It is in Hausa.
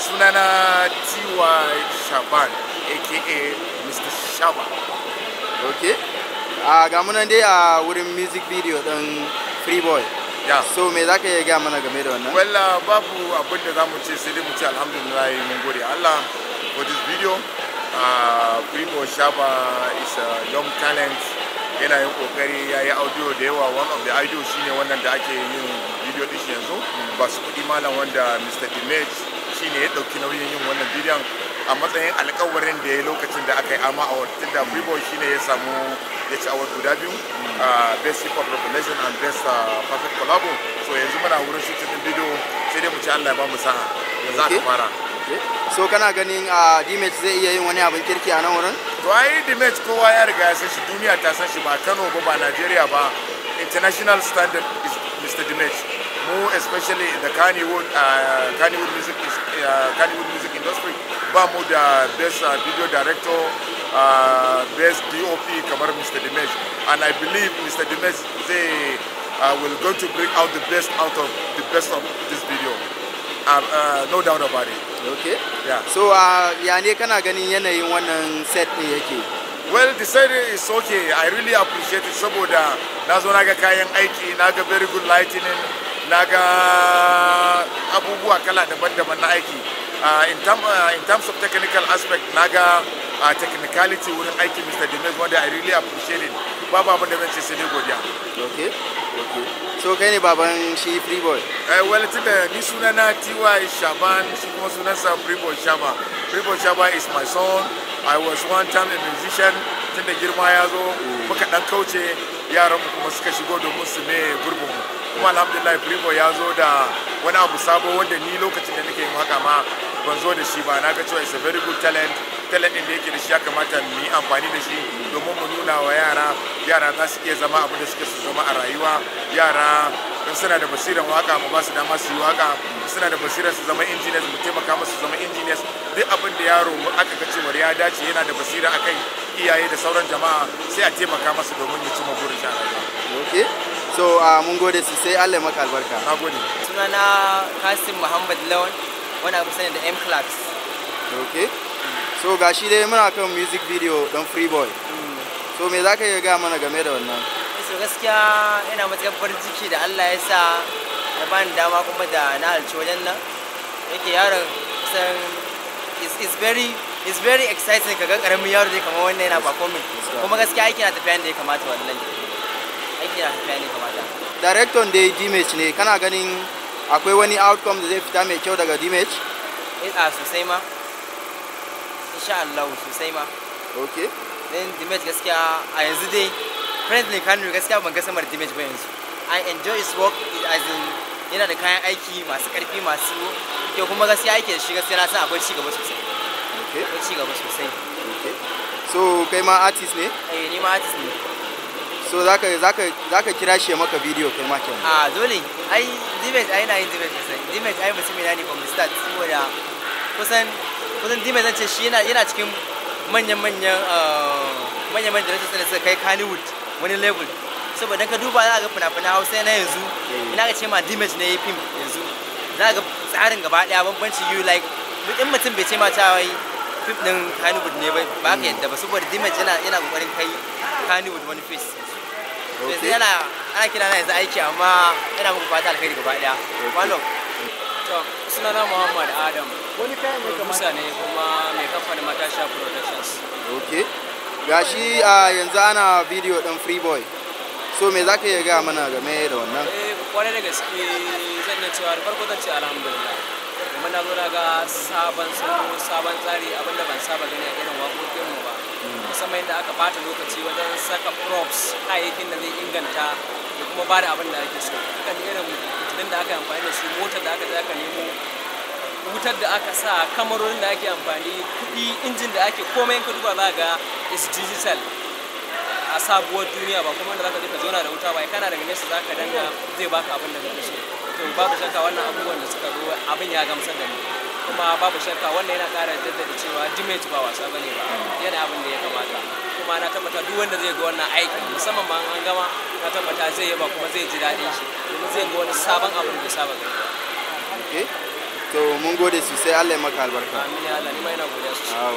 sunana ty shaban aka mr shaba ok uh, ga munan dai a wurin music video din free boy yeah. so me za ka iya gaya mana game da wannan well babu abin da za mu ce sai dai mu ce alhamdulillah mun gode allah for this video uh, free boy shaba is a young talent yana yin kokari ya yi audio da yawa one of the audio shine wannan da ake yin video din yanzu ba su kudi malam wanda mr dimage shine ya dauki nauyin yin wannan bidiyon a matsayin alkawarin da ya lokacin da aka yi ama a tun da freeboy shine ya samu ya ci awar guda biyu best hip hop revelation and best perfect collabo so yanzu muna wurin shi cikin bidiyo sai dai mu ci Allah ya ba mu sa'a da za ka fara so kana ganin a dimet zai iya yin wani abin kirki a nan wurin to ai dimet kowa ya riga ya san shi duniya ta san shi ba Kano ba ba Najeriya ba international standard is Mr. Dimage Who especially the Kannywood, uh, music, uh, music industry ba mu uh, best uh, video director, uh, best DOP kamar Mr. Dimesh. And I believe Mr. Dimesh they uh, will going to bring out the best out of the best of this video. Uh, uh no doubt about it. Okay. Yeah. So uh, ya ne kana you want to set me? yake? Well, the set is okay. I really appreciate it saboda That's when I got a very good lighting na ga abubuwa kala daban-daban na aiki in terms of technical aspect na ga a technicality wurin aiki mr demes wanda i really appreciate it babu abin da zan ce sai godiya so kai ne baban shi Freeboy? eh well tun da ni suna na ty shaban shi kuma sunan sa freeboy shaba Freeboy shaba is my son i was one time a musician tun da girma ya zo mm. muka dan kauce yaran kuma suka shigo domin su ne gurbin mu kuma alhamdulillah Privo ya zo da wani abu sabo wanda ni lokacin da nake yin haka ma ban zo da shi ba na ga cewa is a very good talent talent din da yake da shi ya kamata mu yi amfani da shi domin mu nuna wa yara yara za su iya zama abin da suke su zama a rayuwa yara in suna da basiran waka mu ba su dama su yi waka suna da basirar su zama engineers mu taimaka musu zama engineers duk abin da yaro aka ga cewa ya dace yana da basira akai iyaye da sauran jama'a sai a taimaka masa domin ya cimma burin shi a rayuwa so uh, mun gode sai allah maka albarka na gode na kasim muhammad lawan wani abu sani da m clax ok so shi dai muna kan music video don free boy mm. so me za ka iya ga mana game da wannan so gaskiya ina matuƙar farin ciki da allah ya sa da ba ni dama kuma da na halci wajen nan yake yaro kusan is very is very exciting kaga karamin yaro dai kamar wannan yana ba komai kuma gaskiya aiki na tafiya da ya kamata wannan aiki da tafiya ne da. director dai dimage ne kana ganin akwai wani outcome da zai fita mai kyau daga dimage eh, a sosai ma insha Allah sosai ma ok then dimage gaskiya a yanzu dai friendly kanu gaskiya ban ga samar dimage ba yanzu i enjoy his work as in yana da kayan aiki masu karfi masu kyau kuma gaskiya aiki da shi gaskiya na san akwai cigaba sosai akwai cigaba sosai so kai ma artist ne eh ni ma artist ne so zaka zaka zaka kira shi maka bidiyo kai ma kenan a ah, dole ai dimet ai na yin dimet sosai dimet ai mutum yana ne from start saboda kusan kusan dimet zan ce shi yana yana cikin manyan manyan ah, manyan manyan directors da suka kai Hollywood wani level saboda ka duba za ka ga fina-finan Hausa na yanzu eh. ina ga ce ma dimet ne film yanzu za ga tsarin gaba daya bambanci you like in mutum bai ce ma ta wai fim din Hollywood ne ba ba ka hmm. yadda ba saboda dimet yana yana kokarin kai Hollywood wani face yanzu yana ana kira na yanzu aiki amma yana muku fata alkhairi gaba daya malam to suna na muhammad adam wani kayan ne kamar ne kuma mai kamfanin matasha productions okay gashi a yanzu ana bidiyo din free boy so me za ka iya mana game da wannan eh kwarai da gaske zan na cewa da farko zan ce alhamdulillah kuma na zo ga sabon sabon tsari abinda ban saba gani a irin waƙoƙinmu ba hmm. musamman yadda aka bata lokaci wajen saka props kayayyakin da zai inganta da kuma ba da abin da ake so kan irin fitilin da aka amfani da su motar da aka je aka nemo wutar da aka sa kamarorin da ake amfani kuɗi injin da ake komai ka duba za ga is digital a sabuwar duniya ba kuma da za ka je ka zauna da wuta ba kana daga nesa za ka danga zai baka abin da kake so to babu shakka wannan abubuwan da suka zo abin ya gamsar da ni kuma babu shakka wannan yana ƙara jaddada cewa dimage ba wasa ba ne ba yana abin da ya kamata kuma na tabbata duk wanda zai ga wannan aikin musamman ma an gama na tabbata zai yaba kuma zai ji daɗin shi domin zai ga wani sabon abin da saba ga ba. to mun gode sosai Allah ya maka albarka. Amin ya Allah ni ma ina godiya sosai.